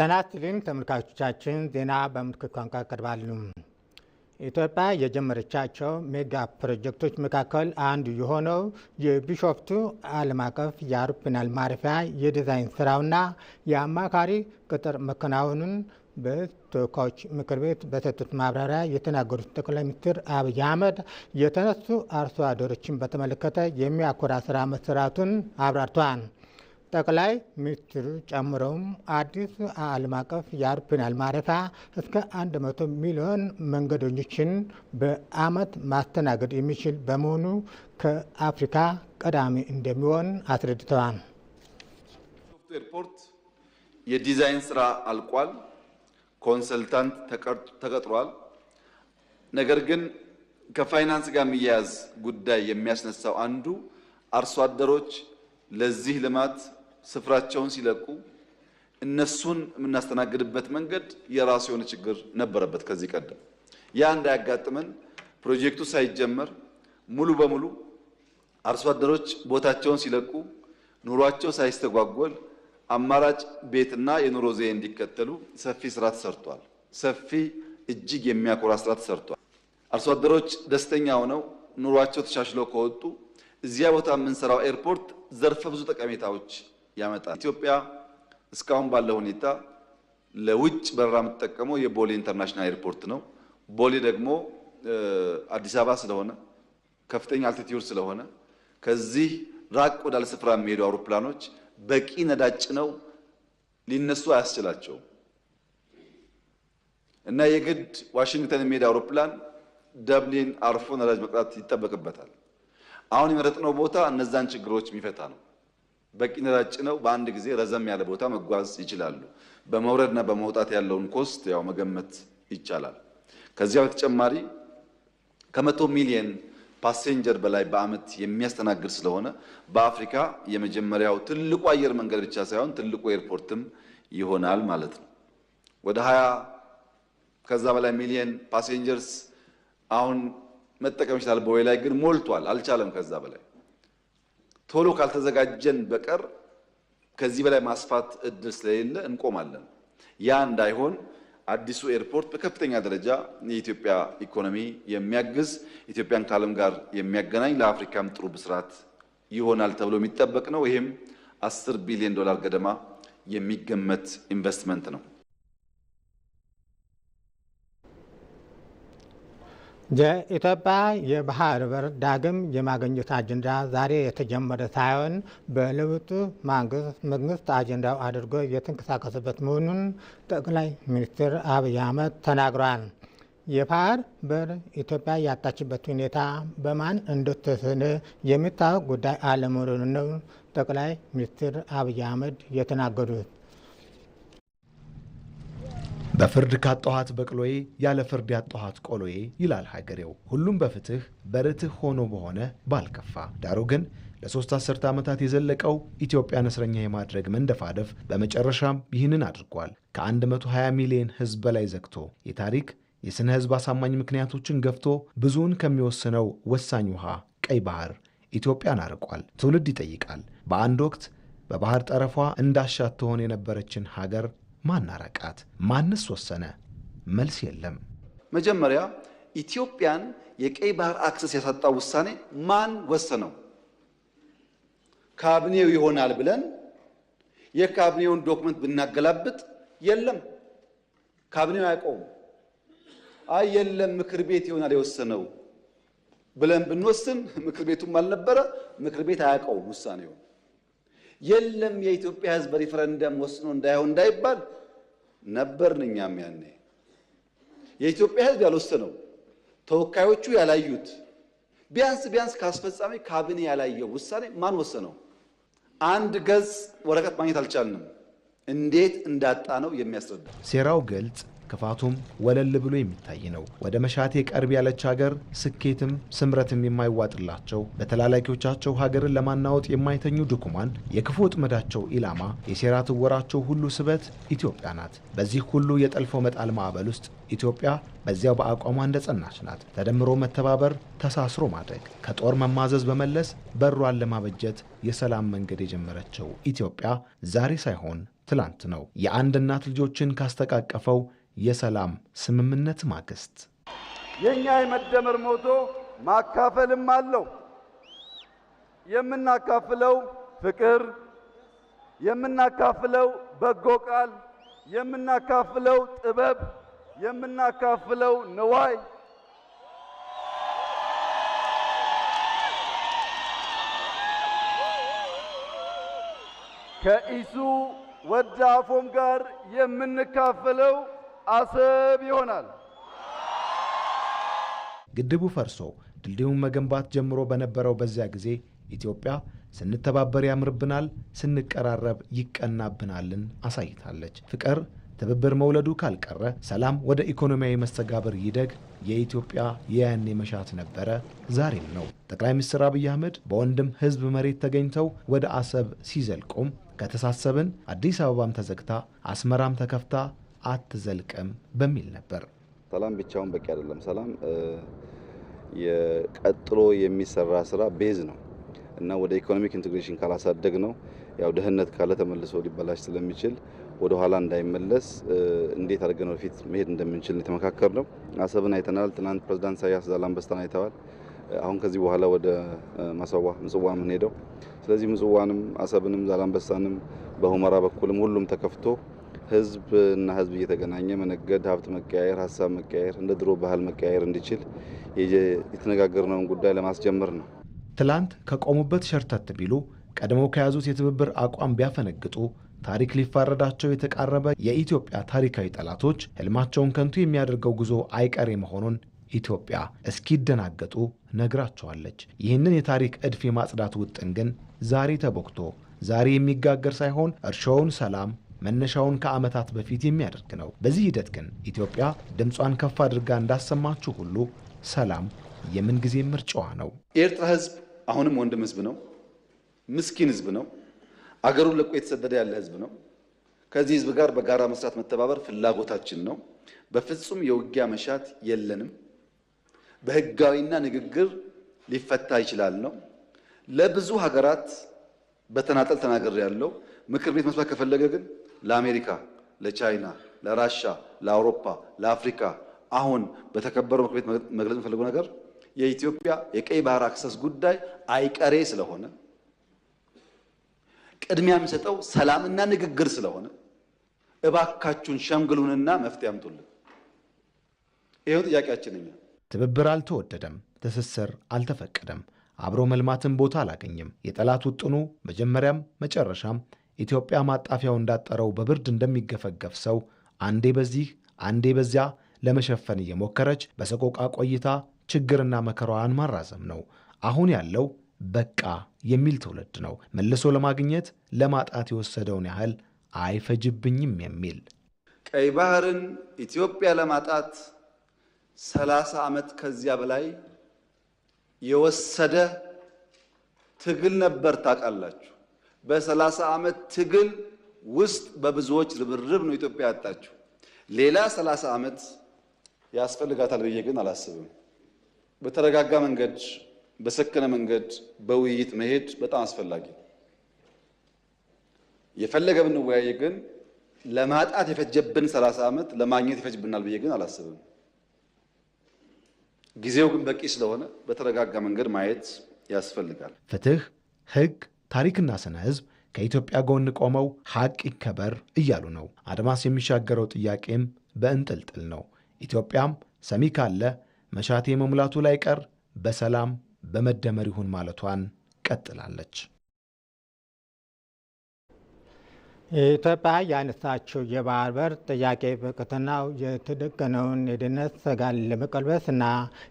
ጤና ተመልካቾቻችን፣ ዜና በምልክት ቋንቋ ቀርባሉ። ኢትዮጵያ የጀመረቻቸው ሜጋ ፕሮጀክቶች መካከል አንዱ የሆነው የቢሾፍቱ ዓለም አቀፍ የአውሮፕላን ማረፊያ የዲዛይን ስራውና የአማካሪ ቅጥር መከናወኑን በተወካዮች ምክር ቤት በሰጡት ማብራሪያ የተናገሩት ጠቅላይ ሚኒስትር አብይ አህመድ የተነሱ አርሶ አደሮችን በተመለከተ የሚያኮራ ስራ መሰራቱን አብራርተዋል። ጠቅላይ ሚኒስትሩ ጨምረውም አዲስ ዓለም አቀፍ የአውሮፕላን ማረፊያ እስከ 100 ሚሊዮን መንገደኞችን በዓመት ማስተናገድ የሚችል በመሆኑ ከአፍሪካ ቀዳሚ እንደሚሆን አስረድተዋል። ኤርፖርት የዲዛይን ስራ አልቋል። ኮንሰልታንት ተቀጥሯል። ነገር ግን ከፋይናንስ ጋር የሚያያዝ ጉዳይ የሚያስነሳው አንዱ አርሶ አደሮች ለዚህ ልማት ስፍራቸውን ሲለቁ እነሱን የምናስተናግድበት መንገድ የራሱ የሆነ ችግር ነበረበት ከዚህ ቀደም። ያ እንዳያጋጥመን ፕሮጀክቱ ሳይጀመር ሙሉ በሙሉ አርሶ አደሮች ቦታቸውን ሲለቁ ኑሯቸው ሳይስተጓጎል አማራጭ ቤትና የኑሮ ዘዬ እንዲከተሉ ሰፊ ስራ ተሰርቷል። ሰፊ እጅግ የሚያኮራ ስራ ተሰርቷል። አርሶ አደሮች ደስተኛ ሆነው ኑሯቸው ተሻሽለው ከወጡ እዚያ ቦታ የምንሰራው ኤርፖርት ዘርፈ ብዙ ጠቀሜታዎች ያመጣል። ኢትዮጵያ እስካሁን ባለው ሁኔታ ለውጭ በረራ የምትጠቀመው የቦሌ ኢንተርናሽናል ኤርፖርት ነው። ቦሌ ደግሞ አዲስ አበባ ስለሆነ ከፍተኛ አልቲትዩድ ስለሆነ ከዚህ ራቅ ወዳለ ስፍራ የሚሄዱ አውሮፕላኖች በቂ ነዳጅ ጭነው ሊነሱ አያስችላቸውም እና የግድ ዋሽንግተን የሚሄድ አውሮፕላን ደብሊን አርፎ ነዳጅ መቅዳት ይጠበቅበታል። አሁን የመረጥነው ቦታ እነዛን ችግሮች የሚፈታ ነው። በቂ ነዳጅ ነው በአንድ ጊዜ ረዘም ያለ ቦታ መጓዝ ይችላሉ። በመውረድና በመውጣት ያለውን ኮስት ያው መገመት ይቻላል። ከዚያ በተጨማሪ ከመቶ ሚሊየን ፓሴንጀር በላይ በዓመት የሚያስተናግድ ስለሆነ በአፍሪካ የመጀመሪያው ትልቁ አየር መንገድ ብቻ ሳይሆን ትልቁ ኤርፖርትም ይሆናል ማለት ነው። ወደ ሀያ ከዛ በላይ ሚሊየን ፓሴንጀርስ አሁን መጠቀም ይችላል። በወይ ላይ ግን ሞልቷል፣ አልቻለም ከዛ በላይ ቶሎ ካልተዘጋጀን በቀር ከዚህ በላይ ማስፋት እድል ስለሌለ እንቆማለን። ያ እንዳይሆን አዲሱ ኤርፖርት በከፍተኛ ደረጃ የኢትዮጵያ ኢኮኖሚ የሚያግዝ ኢትዮጵያን ከዓለም ጋር የሚያገናኝ ለአፍሪካም ጥሩ ብስራት ይሆናል ተብሎ የሚጠበቅ ነው። ይህም አስር ቢሊዮን ዶላር ገደማ የሚገመት ኢንቨስትመንት ነው። የኢትዮጵያ የባህር በር ዳግም የማግኘት አጀንዳ ዛሬ የተጀመረ ሳይሆን በለውጡ ማንግስት መንግስት አጀንዳው አድርጎ የተንቀሳቀሰበት መሆኑን ጠቅላይ ሚኒስትር አብይ አህመድ ተናግረዋል። የባህር በር ኢትዮጵያ ያጣችበት ሁኔታ በማን እንደተሰነ የሚታወቅ ጉዳይ አለመሆኑን ነው ጠቅላይ ሚኒስትር አብይ አህመድ የተናገሩት። በፍርድ ካጠኋት በቅሎዬ ያለ ፍርድ ያጠኋት ቆሎዬ ይላል ሀገሬው። ሁሉም በፍትህ በርትህ ሆኖ በሆነ ባልከፋ ዳሩ ግን ለሶስት አስርተ ዓመታት የዘለቀው ኢትዮጵያን እስረኛ የማድረግ መንደፋደፍ በመጨረሻም ይህንን አድርጓል። ከ120 ሚሊዮን ህዝብ በላይ ዘግቶ የታሪክ የሥነ ሕዝብ አሳማኝ ምክንያቶችን ገፍቶ ብዙውን ከሚወስነው ወሳኝ ውሃ ቀይ ባህር ኢትዮጵያን አርቋል። ትውልድ ይጠይቃል። በአንድ ወቅት በባህር ጠረፏ እንዳሻት ትሆን የነበረችን ሀገር ማን ማንስ ወሰነ? መልስ የለም። መጀመሪያ ኢትዮጵያን የቀይ ባህር አክሰስ ያሳጣው ውሳኔ ማን ወሰነው? ካቢኔው ይሆናል ብለን የካቢኔውን ዶክመንት ብናገላብጥ የለም፣ ካቢኔው አያውቀውም። አይ የለም ምክር ቤት ይሆናል የወሰነው ብለን ብንወስን ምክር ቤቱም አልነበረ፣ ምክር ቤት አያውቀውም ውሳኔውን የለም የኢትዮጵያ ህዝብ በሪፈረንደም ወስኖ እንዳይሆን እንዳይባል ነበርን። እኛም ያኔ የኢትዮጵያ ህዝብ ያልወሰነው ተወካዮቹ ያላዩት ቢያንስ ቢያንስ ከአስፈጻሚ ካቢኔ ያላየው ውሳኔ ማን ወሰነው? አንድ ገጽ ወረቀት ማግኘት አልቻልንም። እንዴት እንዳጣ ነው የሚያስረዳ። ሴራው ገልጽ ክፋቱም ወለል ብሎ የሚታይ ነው። ወደ መሻቴ ቀርብ ያለች ሀገር ስኬትም ስምረትም የማይዋጥላቸው በተላላኪዎቻቸው ሀገርን ለማናወጥ የማይተኙ ድኩማን የክፉ ጥመዳቸው ኢላማ የሴራ ትወራቸው ሁሉ ስበት ኢትዮጵያ ናት። በዚህ ሁሉ የጠልፎ መጣል ማዕበል ውስጥ ኢትዮጵያ በዚያው በአቋሟ እንደጸናች ናት። ተደምሮ መተባበር፣ ተሳስሮ ማድረግ፣ ከጦር መማዘዝ በመለስ በሯን ለማበጀት የሰላም መንገድ የጀመረችው ኢትዮጵያ ዛሬ ሳይሆን ትላንት ነው። የአንድ እናት ልጆችን ካስተቃቀፈው የሰላም ስምምነት ማግስት የእኛ የመደመር ሞቶ ማካፈልም አለው። የምናካፍለው ፍቅር፣ የምናካፍለው በጎ ቃል፣ የምናካፍለው ጥበብ፣ የምናካፍለው ንዋይ ከኢሱ ወደ አፎም ጋር የምንካፈለው አሰብ ይሆናል። ግድቡ ፈርሶ ድልድዩን መገንባት ጀምሮ በነበረው በዚያ ጊዜ ኢትዮጵያ ስንተባበር ያምርብናል፣ ስንቀራረብ ይቀናብናልን አሳይታለች። ፍቅር ትብብር መውለዱ ካልቀረ ሰላም ወደ ኢኮኖሚያዊ መስተጋብር ይደግ የኢትዮጵያ የያኔ መሻት ነበረ፣ ዛሬም ነው። ጠቅላይ ሚኒስትር አብይ አህመድ በወንድም ህዝብ መሬት ተገኝተው ወደ አሰብ ሲዘልቁም ከተሳሰብን አዲስ አበባም ተዘግታ አስመራም ተከፍታ አትዘልቅም በሚል ነበር። ሰላም ብቻውን በቂ አይደለም። ሰላም ቀጥሎ የሚሰራ ስራ ቤዝ ነው እና ወደ ኢኮኖሚክ ኢንቴግሬሽን ካላሳደግ ነው ያው ድህነት ካለ ተመልሶ ሊበላሽ ስለሚችል ወደ ኋላ እንዳይመለስ እንዴት አድርገን ወደፊት መሄድ እንደምንችል የተመካከር ነው። አሰብን አይተናል። ትናንት ፕሬዚዳንት ኢሳያስ ዛላንበሳን አይተዋል። አሁን ከዚህ በኋላ ወደ ማሰዋ ምጽዋ የምንሄደው ስለዚህ ምጽዋንም አሰብንም ዛላንበሳንም በሁመራ በኩልም ሁሉም ተከፍቶ ህዝብ እና ህዝብ እየተገናኘ መነገድ፣ ሀብት መቀያየር፣ ሀሳብ መቀያየር፣ እንደ ድሮ ባህል መቀያየር እንዲችል የተነጋገርነውን ጉዳይ ለማስጀመር ነው። ትላንት ከቆሙበት ሸርተት ቢሉ ቀድሞ ከያዙት የትብብር አቋም ቢያፈነግጡ ታሪክ ሊፋረዳቸው የተቃረበ የኢትዮጵያ ታሪካዊ ጠላቶች ህልማቸውን ከንቱ የሚያደርገው ጉዞ አይቀሬ መሆኑን ኢትዮጵያ እስኪደናገጡ ነግራቸዋለች። ይህንን የታሪክ እድፍ የማጽዳት ውጥን ግን ዛሬ ተቦክቶ ዛሬ የሚጋገር ሳይሆን እርሾውን ሰላም መነሻውን ከዓመታት በፊት የሚያደርግ ነው። በዚህ ሂደት ግን ኢትዮጵያ ድምጿን ከፍ አድርጋ እንዳሰማችሁ ሁሉ ሰላም የምንጊዜ ምርጫዋ ነው። የኤርትራ ህዝብ አሁንም ወንድም ህዝብ ነው። ምስኪን ህዝብ ነው። አገሩን ለቆ የተሰደደ ያለ ህዝብ ነው። ከዚህ ህዝብ ጋር በጋራ መስራት፣ መተባበር ፍላጎታችን ነው። በፍጹም የውጊያ መሻት የለንም። በህጋዊና ንግግር ሊፈታ ይችላል ነው ለብዙ ሀገራት በተናጠል ተናገር ያለው ምክር ቤት መስራት ከፈለገ ግን ለአሜሪካ፣ ለቻይና፣ ለራሻ፣ ለአውሮፓ፣ ለአፍሪካ አሁን በተከበረው ምክር ቤት መግለጽ የምፈልገው ነገር የኢትዮጵያ የቀይ ባህር አክሰስ ጉዳይ አይቀሬ ስለሆነ ቅድሚያ የሚሰጠው ሰላምና ንግግር ስለሆነ እባካችሁን ሸምግሉንና መፍትሄ አምጡልን። ይህው ጥያቄያችን። እኛ ትብብር አልተወደደም፣ ትስስር አልተፈቀደም፣ አብሮ መልማትን ቦታ አላገኘም። የጠላት ውጥኑ መጀመሪያም መጨረሻም ኢትዮጵያ ማጣፊያው እንዳጠረው በብርድ እንደሚገፈገፍ ሰው አንዴ በዚህ አንዴ በዚያ ለመሸፈን እየሞከረች በሰቆቃ ቆይታ ችግርና መከራዋን ማራዘም ነው። አሁን ያለው በቃ የሚል ትውልድ ነው። መልሶ ለማግኘት ለማጣት የወሰደውን ያህል አይፈጅብኝም የሚል ቀይ ባህርን ኢትዮጵያ ለማጣት ሰላሳ ዓመት ከዚያ በላይ የወሰደ ትግል ነበር። ታውቃላችሁ በሰላሳ ዓመት ትግል ውስጥ በብዙዎች ርብርብ ነው ኢትዮጵያ ያጣችው። ሌላ ሰላሳ ዓመት ያስፈልጋታል ብዬ ግን አላስብም። በተረጋጋ መንገድ፣ በሰከነ መንገድ በውይይት መሄድ በጣም አስፈላጊ ነው። የፈለገ ብንወያይ ግን ለማጣት የፈጀብን ሰላሳ ዓመት ለማግኘት ይፈጅብናል ብዬ ግን አላስብም። ጊዜው ግን በቂ ስለሆነ በተረጋጋ መንገድ ማየት ያስፈልጋል። ፍትህ፣ ህግ ታሪክና ስነ ህዝብ ከኢትዮጵያ ጎን ቆመው ሐቅ ይከበር እያሉ ነው። አድማስ የሚሻገረው ጥያቄም በእንጥልጥል ነው። ኢትዮጵያም ሰሚ ካለ መሻቴ መሙላቱ ላይ ቀር በሰላም በመደመር ይሁን ማለቷን ቀጥላለች። ኢትዮጵያ ያነሳችው የባህር በር ጥያቄ በቀጠናው የተደቀነውን የድህነት ሰጋን ለመቀልበስና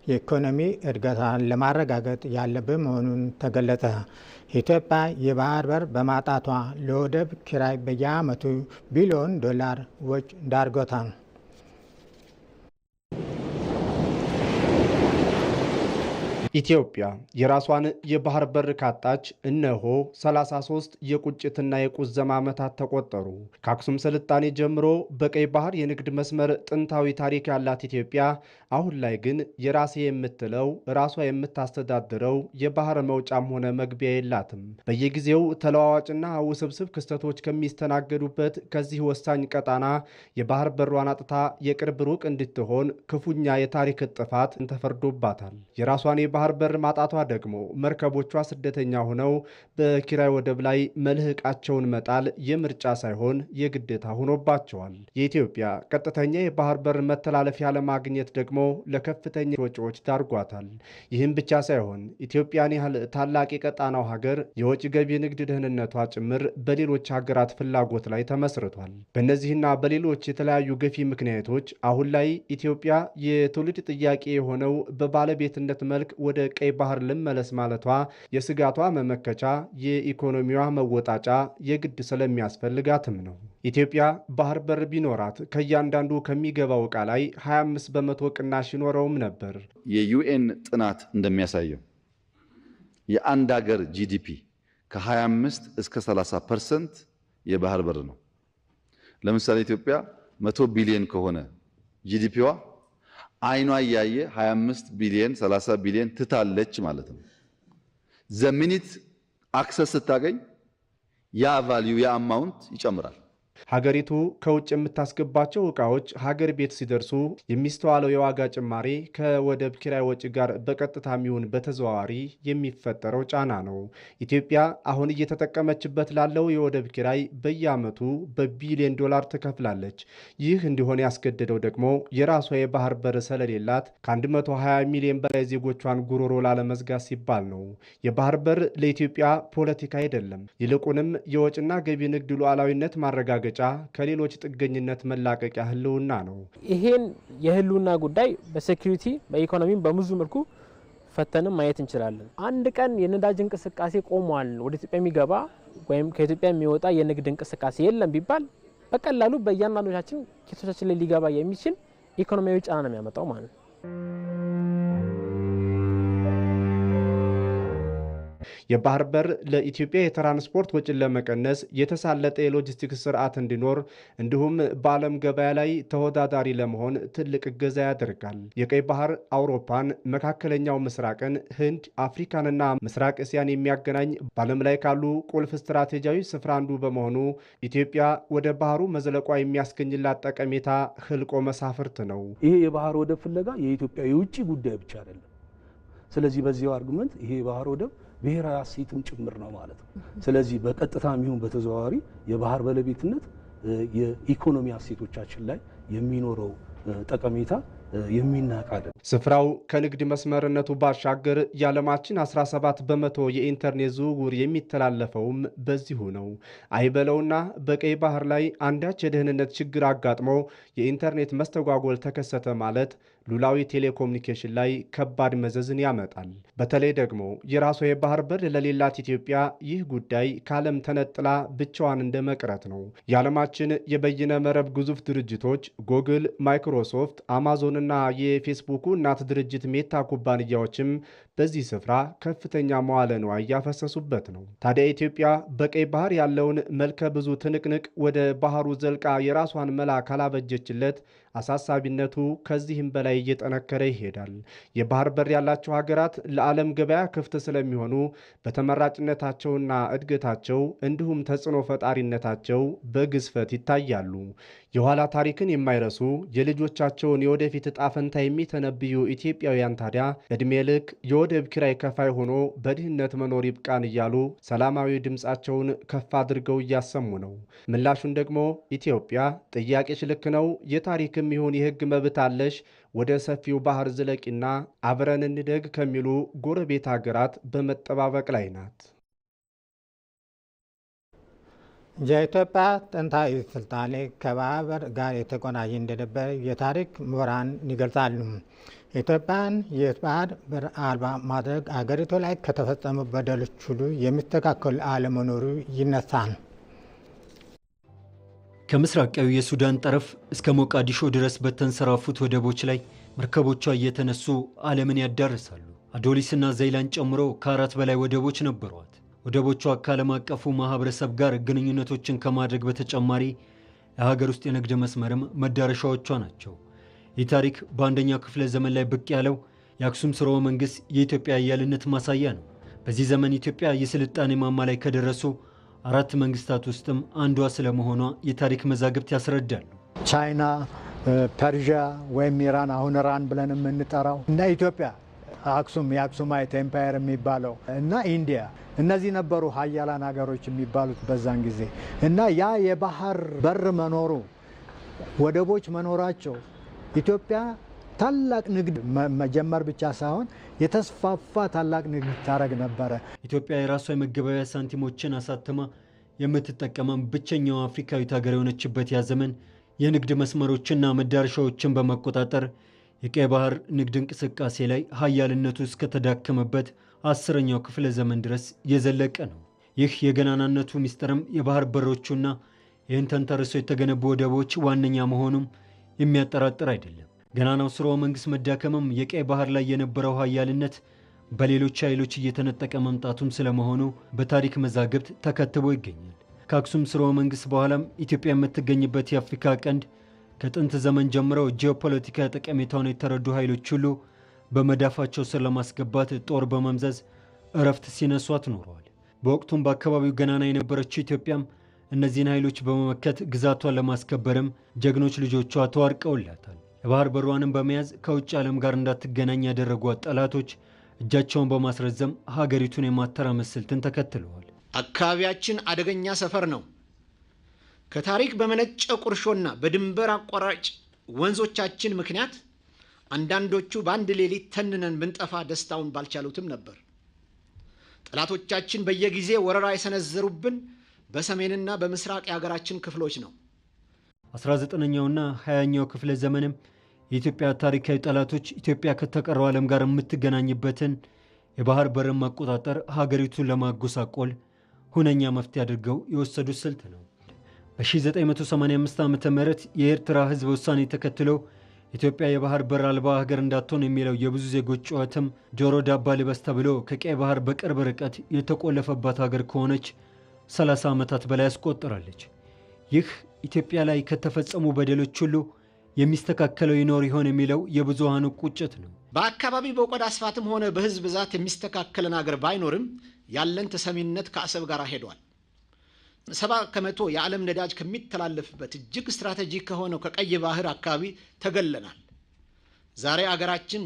የኢኮኖሚ እድገታን ለማረጋገጥ ያለብን መሆኑን ተገለጸ። ኢትዮጵያ የባህር በር በማጣቷ ለወደብ ኪራይ በየዓመቱ ቢሊዮን ዶላር ወጪ ዳርጎታል። ኢትዮጵያ የራሷን የባህር በር ካጣች እነሆ 33 የቁጭትና የቁዘማ ዓመታት ተቆጠሩ። ከአክሱም ስልጣኔ ጀምሮ በቀይ ባህር የንግድ መስመር ጥንታዊ ታሪክ ያላት ኢትዮጵያ አሁን ላይ ግን የራሴ የምትለው ራሷ የምታስተዳድረው የባህር መውጫም ሆነ መግቢያ የላትም። በየጊዜው ተለዋዋጭና ውስብስብ ክስተቶች ከሚስተናገዱበት ከዚህ ወሳኝ ቀጣና የባህር በሯን አጥታ የቅርብ ሩቅ እንድትሆን ክፉኛ የታሪክ ጥፋት ተፈርዶባታል። የራሷን የባህር በር ማጣቷ ደግሞ መርከቦቿ ስደተኛ ሆነው በኪራይ ወደብ ላይ መልህቃቸውን መጣል የምርጫ ሳይሆን የግዴታ ሆኖባቸዋል። የኢትዮጵያ ቀጥተኛ የባህር በር መተላለፊያ ለማግኘት ደግሞ ለከፍተኛ ወጪዎች ዳርጓታል። ይህም ብቻ ሳይሆን ኢትዮጵያን ያህል ታላቅ የቀጣናው ሀገር የወጪ ገቢ ንግድ ደህንነቷ ጭምር በሌሎች ሀገራት ፍላጎት ላይ ተመስርቷል። በእነዚህና በሌሎች የተለያዩ ገፊ ምክንያቶች አሁን ላይ ኢትዮጵያ የትውልድ ጥያቄ የሆነው በባለቤትነት መልክ ወ ወደ ቀይ ባህር ልመለስ ማለቷ የስጋቷ መመከቻ፣ የኢኮኖሚዋ መወጣጫ የግድ ስለሚያስፈልጋትም ነው። ኢትዮጵያ ባህር በር ቢኖራት ከእያንዳንዱ ከሚገባው ዕቃ ላይ 25 በመቶ ቅናሽ ይኖረውም ነበር። የዩኤን ጥናት እንደሚያሳየው የአንድ ሀገር ጂዲፒ ከ25 እስከ 30 ፐርሰንት የባህር በር ነው። ለምሳሌ ኢትዮጵያ 100 ቢሊዮን ከሆነ ጂዲፒዋ አይኗ እያየ 25 ቢሊዮን 30 ቢሊዮን ትታለች ማለት ነው። ዘሚኒት አክሰስ ስታገኝ ያ ቫልዩ ያ አማውንት ይጨምራል። ሀገሪቱ ከውጭ የምታስገባቸው እቃዎች ሀገር ቤት ሲደርሱ የሚስተዋለው የዋጋ ጭማሪ ከወደብ ኪራይ ወጪ ጋር በቀጥታ የሚሆን በተዘዋዋሪ የሚፈጠረው ጫና ነው። ኢትዮጵያ አሁን እየተጠቀመችበት ላለው የወደብ ኪራይ በየዓመቱ በቢሊዮን ዶላር ትከፍላለች። ይህ እንዲሆን ያስገደደው ደግሞ የራሷ የባህር በር ስለሌላት ከ120 ሚሊዮን በላይ ዜጎቿን ጉሮሮ ላለመዝጋት ሲባል ነው። የባህር በር ለኢትዮጵያ ፖለቲካ አይደለም፣ ይልቁንም የወጭና ገቢ ንግድ ሉዓላዊነት ማረጋገጫ ማረጋገጫ፣ ከሌሎች ጥገኝነት መላቀቂያ ህልውና ነው። ይሄን የህልውና ጉዳይ በሴኩሪቲ በኢኮኖሚም በብዙ መልኩ ፈተንም ማየት እንችላለን። አንድ ቀን የነዳጅ እንቅስቃሴ ቆሟል፣ ወደ ኢትዮጵያ የሚገባ ወይም ከኢትዮጵያ የሚወጣ የንግድ እንቅስቃሴ የለም ቢባል በቀላሉ በእያንዳንዶቻችን ኪሶቻችን ላይ ሊገባ የሚችል ኢኮኖሚያዊ ጫና ነው የሚያመጣው ማለት ነው። የባህር በር ለኢትዮጵያ የትራንስፖርት ወጪን ለመቀነስ የተሳለጠ የሎጂስቲክስ ስርዓት እንዲኖር እንዲሁም በዓለም ገበያ ላይ ተወዳዳሪ ለመሆን ትልቅ እገዛ ያደርጋል። የቀይ ባህር አውሮፓን፣ መካከለኛው ምስራቅን፣ ህንድ፣ አፍሪካንና ምስራቅ እስያን የሚያገናኝ በዓለም ላይ ካሉ ቁልፍ ስትራቴጂያዊ ስፍራ አንዱ በመሆኑ ኢትዮጵያ ወደ ባህሩ መዝለቋ የሚያስገኝላት ጠቀሜታ ህልቆ መሳፍርት ነው። ይሄ የባህር ወደብ ፍለጋ የኢትዮጵያ የውጭ ጉዳይ ብቻ አይደለም ስለዚህ በዚያው አርጉመንት ይሄ የባህር ወደብ ብሔራዊ አሴትም ጭምር ነው ማለት ነው። ስለዚህ በቀጥታ የሚሆን በተዘዋዋሪ የባህር ባለቤትነት የኢኮኖሚ አሴቶቻችን ላይ የሚኖረው ጠቀሜታ የሚናቃል። ስፍራው ከንግድ መስመርነቱ ባሻገር የዓለማችን 17 በመቶ የኢንተርኔት ዝውውር የሚተላለፈውም በዚሁ ነው። አይበለውና በቀይ ባህር ላይ አንዳች የደህንነት ችግር አጋጥሞ የኢንተርኔት መስተጓጎል ተከሰተ ማለት ሉላዊ ቴሌኮሙኒኬሽን ላይ ከባድ መዘዝን ያመጣል። በተለይ ደግሞ የራሷ የባህር በር ለሌላት ኢትዮጵያ ይህ ጉዳይ ከዓለም ተነጥላ ብቻዋን እንደ መቅረት ነው። የዓለማችን የበይነ መረብ ግዙፍ ድርጅቶች ጎግል፣ ማይክሮሶፍት፣ አማዞንና የፌስቡኩ እናት ድርጅት ሜታ ኩባንያዎችም በዚህ ስፍራ ከፍተኛ መዋለ ንዋይ እያፈሰሱበት ነው። ታዲያ ኢትዮጵያ በቀይ ባህር ያለውን መልከ ብዙ ትንቅንቅ ወደ ባህሩ ዘልቃ የራሷን መላ ካላበጀችለት አሳሳቢነቱ ከዚህም በላይ እየጠነከረ ይሄዳል። የባህር በር ያላቸው ሀገራት ለዓለም ገበያ ክፍት ስለሚሆኑ በተመራጭነታቸውና እድገታቸው እንዲሁም ተጽዕኖ ፈጣሪነታቸው በግዝፈት ይታያሉ። የኋላ ታሪክን የማይረሱ የልጆቻቸውን የወደፊት ዕጣ ፈንታ የሚተነብዩ ኢትዮጵያውያን ታዲያ እድሜ ልክ የወደብ ኪራይ ከፋይ ሆኖ በድህነት መኖር ይብቃን እያሉ ሰላማዊ ድምፃቸውን ከፍ አድርገው እያሰሙ ነው። ምላሹን ደግሞ ኢትዮጵያ ጥያቄች ልክ ነው የታሪክ የታሪክም ይሁን የሕግ መብት አለሽ ወደ ሰፊው ባህር ዝለቂና አብረን እንደግ ከሚሉ ጎረቤት ሀገራት በመጠባበቅ ላይ ናት። የኢትዮጵያ ጥንታዊ ስልጣኔ ከባበር ጋር የተቆናኘ እንደነበር የታሪክ ምሁራን ይገልጻሉ። ኢትዮጵያን የባህር በር አልባ ማድረግ አገሪቱ ላይ ከተፈጸሙ በደሎች ሁሉ የሚስተካከሉ አለመኖሩ ይነሳል። ከምስራቃዊ የሱዳን ጠረፍ እስከ ሞቃዲሾ ድረስ በተንሰራፉት ወደቦች ላይ መርከቦቿ እየተነሱ ዓለምን ያዳርሳሉ። አዶሊስና ዘይላን ጨምሮ ከአራት በላይ ወደቦች ነበሯት። ወደቦቿ ከዓለም አቀፉ ማኅበረሰብ ጋር ግንኙነቶችን ከማድረግ በተጨማሪ ለሀገር ውስጥ የንግድ መስመርም መዳረሻዎቿ ናቸው። ይህ ታሪክ በአንደኛው ክፍለ ዘመን ላይ ብቅ ያለው የአክሱም ሥርወ መንግሥት የኢትዮጵያ አያልነት ማሳያ ነው። በዚህ ዘመን ኢትዮጵያ የሥልጣኔ ማማ ላይ ከደረሱ አራት መንግስታት ውስጥም አንዷ ስለመሆኗ የታሪክ መዛግብት ያስረዳሉ። ቻይና፣ ፐርዣ ወይም ኢራን አሁን ኢራን ብለን የምንጠራው እና ኢትዮጵያ አክሱም የአክሱማይት ኤምፓየር የሚባለው እና ኢንዲያ እነዚህ ነበሩ ሀያላን ሀገሮች የሚባሉት በዛን ጊዜ እና ያ የባህር በር መኖሩ ወደቦች መኖራቸው ኢትዮጵያ ታላቅ ንግድ መጀመር ብቻ ሳይሆን የተስፋፋ ታላቅ ንግድ ታረግ ነበረ። ኢትዮጵያ የራሷ የመገበያ ሳንቲሞችን አሳትማ የምትጠቀመም ብቸኛው አፍሪካዊት ሀገር የሆነችበት ያ ዘመን የንግድ መስመሮችና መዳረሻዎችን በመቆጣጠር የቀይ ባህር ንግድ እንቅስቃሴ ላይ ሀያልነቱ እስከተዳከመበት አስረኛው ክፍለ ዘመን ድረስ የዘለቀ ነው። ይህ የገናናነቱ ሚስጥርም የባህር በሮቹና ይህን ተንተርሶ የተገነቡ ወደቦች ዋነኛ መሆኑም የሚያጠራጥር አይደለም። ገናናው ስርወ መንግስት መዳከምም የቀይ ባህር ላይ የነበረው ሀያልነት በሌሎች ኃይሎች እየተነጠቀ መምጣቱም ስለመሆኑ በታሪክ መዛግብት ተከትቦ ይገኛል። ከአክሱም ስርወ መንግስት በኋላም ኢትዮጵያ የምትገኝበት የአፍሪካ ቀንድ ከጥንት ዘመን ጀምረው ጂኦፖለቲካ ጠቀሜታውን የተረዱ ኃይሎች ሁሉ በመዳፋቸው ስር ለማስገባት ጦር በመምዘዝ እረፍት ሲነሷት ኖረዋል። በወቅቱም በአካባቢው ገናና የነበረችው ኢትዮጵያም እነዚህን ኃይሎች በመመከት ግዛቷን ለማስከበርም ጀግኖች ልጆቿ ተዋርቀውላታል። የባህር በሯንም በመያዝ ከውጭ ዓለም ጋር እንዳትገናኝ ያደረጓት ጠላቶች እጃቸውን በማስረዘም ሀገሪቱን የማተራመስ ስልትን ተከትለዋል። አካባቢያችን አደገኛ ሰፈር ነው። ከታሪክ በመነጨ ቁርሾና በድንበር አቋራጭ ወንዞቻችን ምክንያት አንዳንዶቹ በአንድ ሌሊት ተንነን ብንጠፋ ደስታውን ባልቻሉትም ነበር። ጠላቶቻችን በየጊዜ ወረራ የሰነዘሩብን በሰሜንና በምስራቅ የሀገራችን ክፍሎች ነው። 19ኛውና 20ኛው ክፍለ ዘመንም የኢትዮጵያ ታሪካዊ ጠላቶች ኢትዮጵያ ከተቀረው ዓለም ጋር የምትገናኝበትን የባህር በርን ማቆጣጠር ሀገሪቱን ለማጎሳቆል ሁነኛ መፍትሄ አድርገው የወሰዱት ስልት ነው። በ1985 ዓ ም የኤርትራ ህዝብ ውሳኔ ተከትለው ኢትዮጵያ የባህር በር አልባ ሀገር እንዳትሆን የሚለው የብዙ ዜጎች ጩኸትም ጆሮ ዳባ ልበስ ተብሎ ከቀይ ባህር በቅርብ ርቀት የተቆለፈባት ሀገር ከሆነች 30 ዓመታት በላይ ያስቆጥራለች። ይህ ኢትዮጵያ ላይ ከተፈጸሙ በደሎች ሁሉ የሚስተካከለው ይኖር ይሆን የሚለው የብዙሃኑ ቁጭት ነው። በአካባቢ በቆዳ ስፋትም ሆነ በህዝብ ብዛት የሚስተካከለን አገር ባይኖርም ያለን ተሰሚነት ከአሰብ ጋር ሄዷል። ሰባ ከመቶ የዓለም ነዳጅ ከሚተላለፍበት እጅግ ስትራቴጂክ ከሆነው ከቀይ ባህር አካባቢ ተገለናል። ዛሬ አገራችን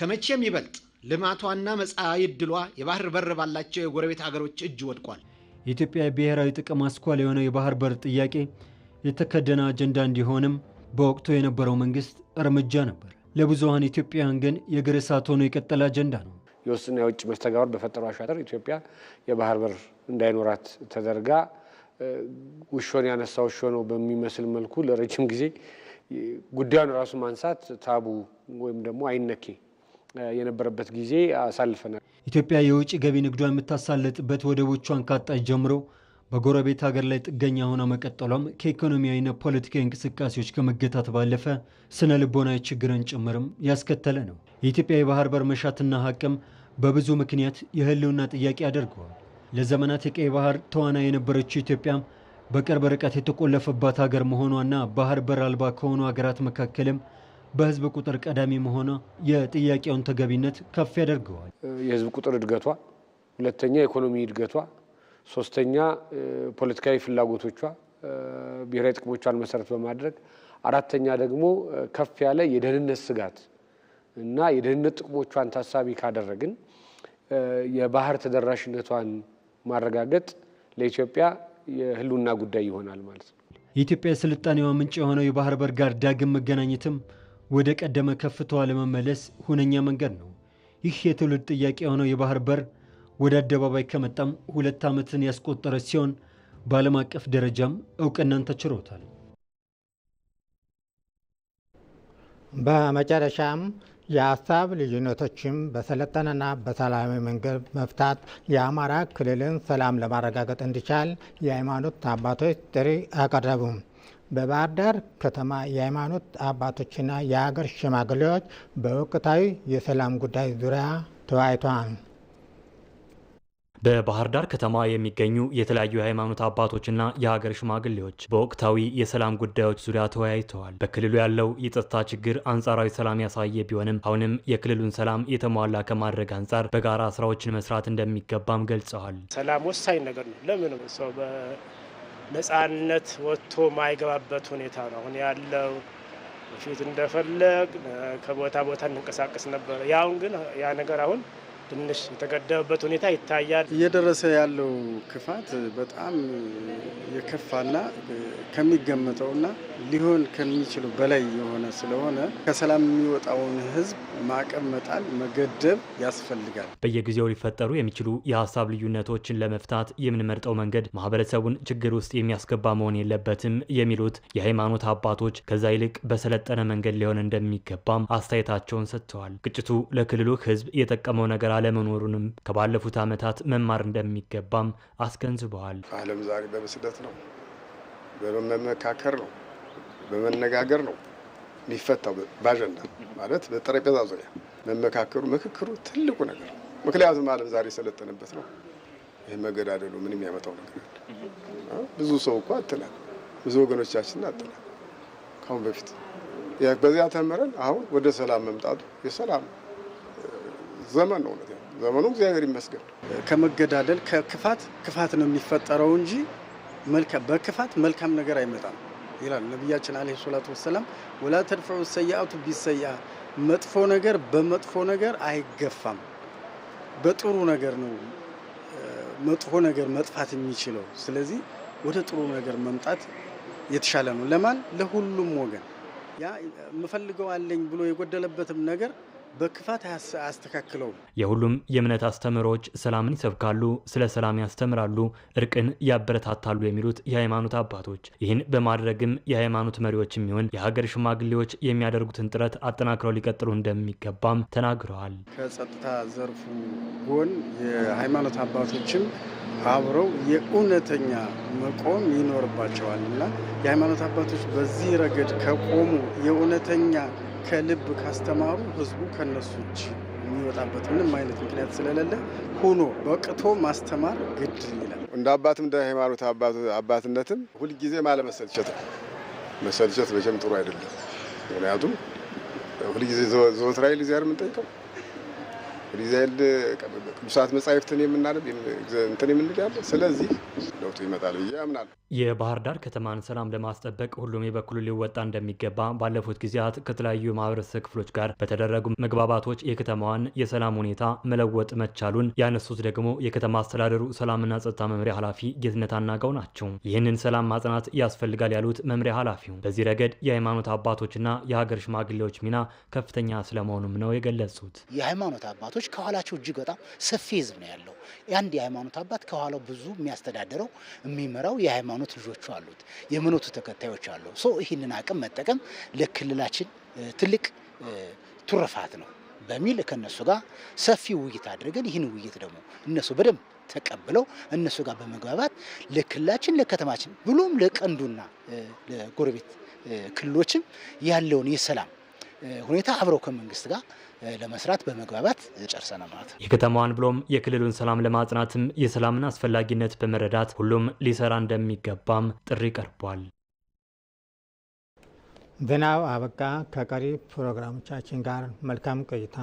ከመቼም ይበልጥ ልማቷና መጻኢ ዕድሏ የባህር በር ባላቸው የጎረቤት አገሮች እጅ ወድቋል። የኢትዮጵያ ብሔራዊ ጥቅም አስኳል የሆነው የባህር በር ጥያቄ የተከደነ አጀንዳ እንዲሆንም በወቅቱ የነበረው መንግስት እርምጃ ነበር። ለብዙሀን ኢትዮጵያውያን ግን የእግር እሳት ሆኖ የቀጠለ አጀንዳ ነው። የውስጥና የውጭ መስተጋብር በፈጠሩ አሻጥር ኢትዮጵያ የባህር በር እንዳይኖራት ተደርጋ ውሾን ያነሳ ውሾ ነው በሚመስል መልኩ ለረጅም ጊዜ ጉዳዩን ራሱ ማንሳት ታቡ ወይም ደግሞ አይነኬ የነበረበት ጊዜ አሳልፈናል። ኢትዮጵያ የውጭ ገቢ ንግዷን የምታሳለጥበት ወደቦቿን ካጣች ጀምሮ በጎረቤት ሀገር ላይ ጥገኛ ሆና መቀጠሏም ከኢኮኖሚያዊና ፖለቲካዊ እንቅስቃሴዎች ከመገታት ባለፈ ስነ ልቦናዊ ችግርን ጭምርም ያስከተለ ነው። የኢትዮጵያ የባህር በር መሻትና ሀቅም በብዙ ምክንያት የህልውና ጥያቄ አድርገዋል። ለዘመናት የቀይ ባህር ተዋና የነበረችው ኢትዮጵያም በቅርብ ርቀት የተቆለፈባት ሀገር መሆኗና ባህር በር አልባ ከሆኑ ሀገራት መካከልም በህዝብ ቁጥር ቀዳሚ መሆኗ የጥያቄውን ተገቢነት ከፍ ያደርገዋል። የህዝብ ቁጥር እድገቷ፣ ሁለተኛ የኢኮኖሚ እድገቷ፣ ሶስተኛ ፖለቲካዊ ፍላጎቶቿ ብሔራዊ ጥቅሞቿን መሰረት በማድረግ አራተኛ ደግሞ ከፍ ያለ የደህንነት ስጋት እና የደህንነት ጥቅሞቿን ታሳቢ ካደረግን የባህር ተደራሽነቷን ማረጋገጥ ለኢትዮጵያ የህልውና ጉዳይ ይሆናል ማለት ነው። የኢትዮጵያ የስልጣኔዋ ምንጭ የሆነው የባህር በር ጋር ዳግም መገናኘትም ወደ ቀደመ ከፍታዋ ለመመለስ ሁነኛ መንገድ ነው። ይህ የትውልድ ጥያቄ የሆነው የባህር በር ወደ አደባባይ ከመጣም ሁለት ዓመትን ያስቆጠረ ሲሆን በዓለም አቀፍ ደረጃም እውቅናን ተችሮታል። በመጨረሻም የሀሳብ ልዩነቶችም በሰለጠነና በሰላማዊ መንገድ መፍታት የአማራ ክልልን ሰላም ለማረጋገጥ እንዲቻል የሃይማኖት አባቶች ጥሪ አቀረቡም። በባህር ዳር ከተማ የሃይማኖት አባቶችና የሀገር ሽማግሌዎች በወቅታዊ የሰላም ጉዳይ ዙሪያ ተወያይቷል። በባህር ዳር ከተማ የሚገኙ የተለያዩ የሃይማኖት አባቶችና የሀገር ሽማግሌዎች በወቅታዊ የሰላም ጉዳዮች ዙሪያ ተወያይተዋል። በክልሉ ያለው የጸጥታ ችግር አንጻራዊ ሰላም ያሳየ ቢሆንም አሁንም የክልሉን ሰላም የተሟላ ከማድረግ አንጻር በጋራ ስራዎችን መስራት እንደሚገባም ገልጸዋል። ሰላም ወሳኝ ነገር ነው። ለምን ሰው ነጻነት ወጥቶ ማይገባበት ሁኔታ ነው አሁን ያለው። በፊት እንደፈለግ ከቦታ ቦታ እንንቀሳቀስ ነበር። ያሁን ግን ያ ነገር አሁን ትንሽ የተገደበበት ሁኔታ ይታያል። እየደረሰ ያለው ክፋት በጣም የከፋና ከሚገመተውና ሊሆን ከሚችለው በላይ የሆነ ስለሆነ ከሰላም የሚወጣውን ሕዝብ ማዕቀብ መጣል፣ መገደብ ያስፈልጋል። በየጊዜው ሊፈጠሩ የሚችሉ የሀሳብ ልዩነቶችን ለመፍታት የምንመርጠው መንገድ ማህበረሰቡን ችግር ውስጥ የሚያስገባ መሆን የለበትም የሚሉት የሃይማኖት አባቶች ከዛ ይልቅ በሰለጠነ መንገድ ሊሆን እንደሚገባም አስተያየታቸውን ሰጥተዋል። ግጭቱ ለክልሉ ሕዝብ የጠቀመው ነገር አለመኖሩንም ከባለፉት ዓመታት መማር እንደሚገባም አስገንዝበዋል። ዓለም ዛሬ በብስለት ነው፣ በመመካከር ነው፣ በመነጋገር ነው የሚፈታው። በአጀንዳ ማለት በጠረጴዛ ዙሪያ መመካከሩ ምክክሩ ትልቁ ነገር ነው። ምክንያቱም ዓለም ዛሬ የሰለጠንበት ነው። ይህ መገዳደሉ ምንም ያመጣው ነገር አለ። ብዙ ሰው እኮ አጥተናል፣ ብዙ ወገኖቻችን አጥተናል። ከአሁን በፊት በዚያ ተምረን አሁን ወደ ሰላም መምጣቱ የሰላም ዘመን ነው። እውነት ዘመኑ እግዚአብሔር ይመስገን። ከመገዳደል ከክፋት ክፋት ነው የሚፈጠረው እንጂ በክፋት መልካም ነገር አይመጣም ይላል ነቢያችን አለ ሰላቱ ወሰላም። ወላ ተድፈዑ ሰያአቱ ቢሰያ መጥፎ ነገር በመጥፎ ነገር አይገፋም። በጥሩ ነገር ነው መጥፎ ነገር መጥፋት የሚችለው። ስለዚህ ወደ ጥሩ ነገር መምጣት የተሻለ ነው። ለማን ለሁሉም ወገን ያ የምፈልገው አለኝ ብሎ የጎደለበትም ነገር በክፋት አስተካክለው። የሁሉም የእምነት አስተምህሮዎች ሰላምን ይሰብካሉ፣ ስለ ሰላም ያስተምራሉ፣ እርቅን ያበረታታሉ የሚሉት የሃይማኖት አባቶች ይህን በማድረግም የሃይማኖት መሪዎች የሚሆን የሀገር ሽማግሌዎች የሚያደርጉትን ጥረት አጠናክረው ሊቀጥሉ እንደሚገባም ተናግረዋል። ከጸጥታ ዘርፉ ጎን የሃይማኖት አባቶችም አብረው የእውነተኛ መቆም ይኖርባቸዋል እና የሃይማኖት አባቶች በዚህ ረገድ ከቆሙ የእውነተኛ ከልብ ካስተማሩ ህዝቡ ከነሱ እጅ የሚወጣበት ምንም አይነት ምክንያት ስለሌለ ሆኖ በቅቶ ማስተማር ግድ ይላል። እንደ አባትም እንደ ሃይማኖት አባትነትም ሁልጊዜ አለመሰልቸት ነው። መሰልቸት መቼም ጥሩ አይደለም። ምክንያቱም ሁልጊዜ ዘወትር ኃይል እግዚአብሔር የምንጠይቀው ሁልጊዜ ቅዱሳት መጻሕፍትን የምናነብ እንትን የምንል ያለ ስለዚህ ለውጥ ይመጣል ብዬ አምናለሁ። የባህር ዳር ከተማን ሰላም ለማስጠበቅ ሁሉም የበኩሉ ሊወጣ እንደሚገባ ባለፉት ጊዜያት ከተለያዩ የማህበረሰብ ክፍሎች ጋር በተደረጉ መግባባቶች የከተማዋን የሰላም ሁኔታ መለወጥ መቻሉን ያነሱት ደግሞ የከተማ አስተዳደሩ ሰላምና ጸጥታ መምሪያ ኃላፊ ጌትነት አናጋው ናቸው። ይህንን ሰላም ማጽናት ያስፈልጋል ያሉት መምሪያ ኃላፊው በዚህ ረገድ የሃይማኖት አባቶችና የሀገር ሽማግሌዎች ሚና ከፍተኛ ስለመሆኑም ነው የገለጹት። የሃይማኖት አባቶች ከኋላቸው እጅግ በጣም ሰፊ ህዝብ ነው ያለው። የአንድ የሃይማኖት አባት ከኋላው ብዙ የሚያስተዳድረው የሚመራው የሃይማኖት ልጆቹ አሉት፣ የእምነቱ ተከታዮች አሉ። ሶ ይህንን አቅም መጠቀም ለክልላችን ትልቅ ቱርፋት ነው በሚል ከእነሱ ጋር ሰፊ ውይይት አድርገን ይህን ውይይት ደግሞ እነሱ በደንብ ተቀብለው እነሱ ጋር በመግባባት ለክልላችን ለከተማችን ብሎም ለቀንዱና ለጎረቤት ክልሎችም ያለውን የሰላም ሁኔታ አብረው ከመንግስት ጋር ለመስራት በመግባባት ጨርሰናል ማለት ነው። የከተማዋን ብሎም የክልሉን ሰላም ለማጽናትም የሰላምን አስፈላጊነት በመረዳት ሁሉም ሊሰራ እንደሚገባም ጥሪ ቀርቧል። ዜናው አበቃ። ከቀሪ ፕሮግራሞቻችን ጋር መልካም ቆይታ